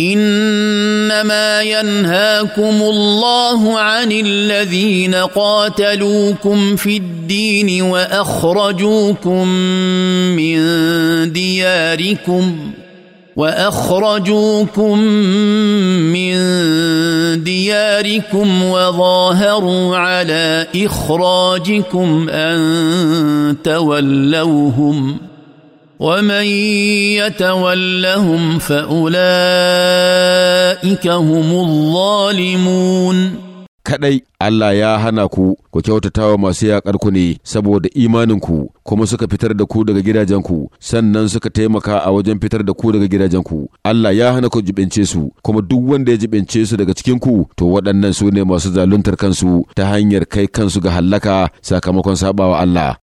انما ينهاكم الله عن الذين قاتلوكم في الدين واخرجوكم من دياركم واخرجوكم من دياركم وظاهروا على اخراجكم ان تولوهم ومن يتولهم فأولئك هم الظالمون kaɗai Allah ya hana ku ku kyautatawa masu yaƙar ku ne saboda imaninku kuma suka fitar da ku daga gidajenku sannan suka taimaka a wajen fitar da ku daga gidajenku Allah ya hana ku jibince su kuma duk wanda ya jibince su daga cikin ku to waɗannan su ne masu zaluntar kansu ta hanyar kai kansu ga hallaka sakamakon saɓawa Allah